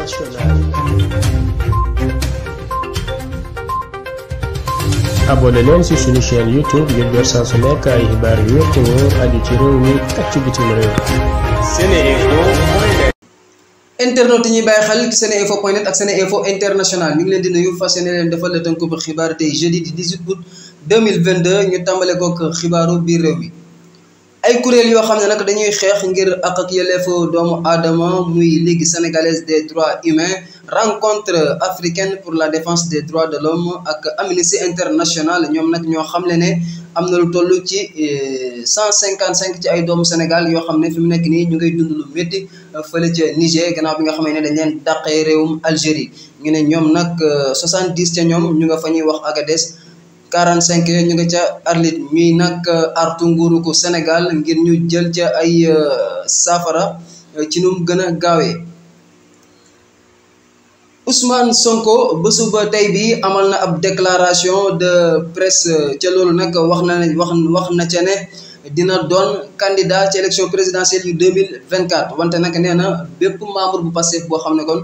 internationale. abonné leen ci suñu chaîne youtube ngir jot saa su nekk xibaar yu wér te wóor ci réew mi ak ci bitim réew. internet yi ñuy bàyyi xel ci seneinfo point net ak seneinfo international ñu ngi leen di nuyu fas yéene leen defal la tënku xibaar tey jeudi di 18 août 2022 ñu tàmbale kook xibaaru biir réew mi. ay kuréel yoo xam ne nag dañuy xeex ngir ak ak yelleefu doomu aadama muy ligue sénégalaise des droits humains rencontre africaine pour la défense des droits de l'homme ak Amnesty International ñoom nag ñoo xam ne ne am na lu toll ci eh, cent cinquante cinq ci ay doomu Sénégal yoo xam ne fi mu nekk nii ñu ngay dund lu métti eh, fële ca Niger gannaaw bi nga xamee ne dañ leen dàqee réewum Algérie ñu ne ñoom nag eh, soixante dix ca ñoom ñu nga fa ñuy wax Agadez 45 ñu ngi ca arlit ñuy nag euh, artu nguuru ko Sénégal ngir ñu jël ca ay euh, saafara euh, ci num mu gën a gaawee Ousmane Sonko bésu ba tey bi amal na ab déclaration de presse ca loolu nag wax na wax wax na ca ne dina doon candidat ci élection présidentielle yu deux mille vingt quatre wante nag nee na bépp membre bu Pastef boo xam ne kon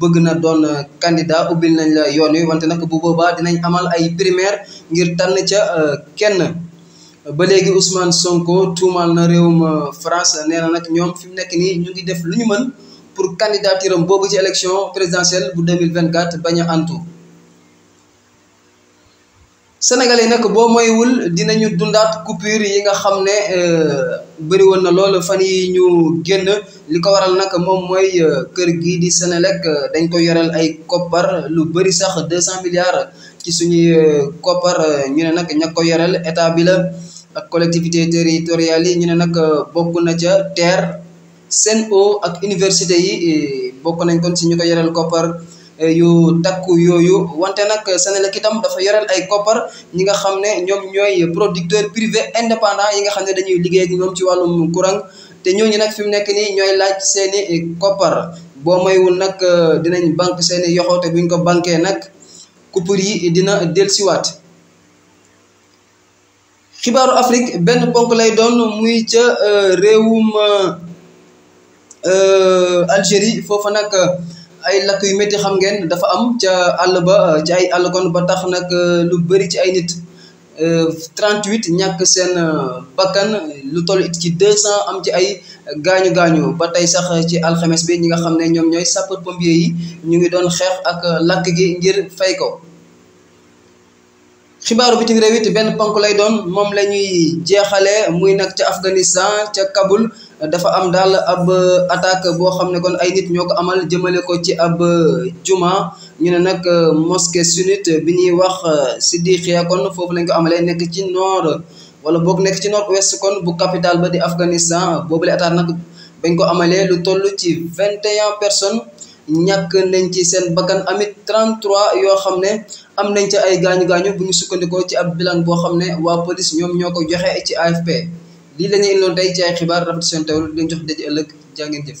bëgg na doon candidat ubbil nañ la yoon wi wante nag bu boobaa dinañ amal ay primaire ngir tànn ca euh, kenn. ba léegi Ousmane Sonko tuumaal na réewum euh, France nee na nag ñoom fi mu nekk nii ñu di def lu ñu mën pour candidature boobu ci élection présidentielle bu deux mille vingt quatre bañ a antu. sénégal yi nag boo moywul dinañu dundaat coupure yi nga xam ne euh, bëri woon na loolu fan yi ñu génn li ko waral nag moom mooy euh, kër gi di Sénélec euh, dañ koy yoreel ay koppar lu bëri sax deux cent milliards ci suñuy koppar ñu ne nag ña ko yoreel état bi la ak collectivité territoriale yi ñu ne nag bokk na ca TER Sen'Eau ak université yi bokk nañ kon si ñu ko yoreel koppar. yu takku yooyu wante nag Senelec itam dafa yoreel ay koppar ñi nga xam ne ñoom ñooy producteur privé indépendant yi nga xam ne dañuy liggéey ak ñoom ci wàllum courant te ñooñu nag fi mu nekk nii ñooy laaj seeni koppar boo maywul nag euh, dinañ banque seeni yoxo te buñ ko banquee nag coupure yi dina siwaat xibaaru Afrique benn ponk lay doon muy ca euh, réewum euh, Algérie foofa nag ay lakk yu métti xam ngeen dafa am ca àll ba euh, ci ay àll kon ba tax nag euh, lu bëri ci ay nit euh, trent 38 ñàkk seen bakkan lu toll it ci 200 am ci ay gaañu gaañu ba tey sax ci alxames bi ñi nga xam ne ñoom ñooy sapeur pompier yi ñu ngi doon xeex ak lakk gi ngir fay ko. xibaaru bitim réew it benn ponk lay doon moom la ñuy jeexalee muy nag ca Afghanistan ca Kaboul. dafa am daal ab euh, attaque boo xam ne kon ay nit ñoo ko amal jëmale ko ci ab euh, juma ñu ne nag euh, mosquée sunnite bi ñuy wax si Siddiqiya kon foofu lañ ko amale nekk ci noor wala boog nekk ci nord west kon bu capital ba di Afghanistan boobule attaque nag bañ ko amalee lu toll ci vingt et un personnes ñàkk nañ ci seen bakan amit 33 yoo xam ne am nañ ci ay gaañu gaañu bu sukkandikoo ci ab bilan boo xam ne waa police ñoom ñoo ko joxe ci AFP. lii la ñu indiloon tey ci ay xibaar rafet seen teewlu di leen jox daje ëllëg jaa ngeen jëf.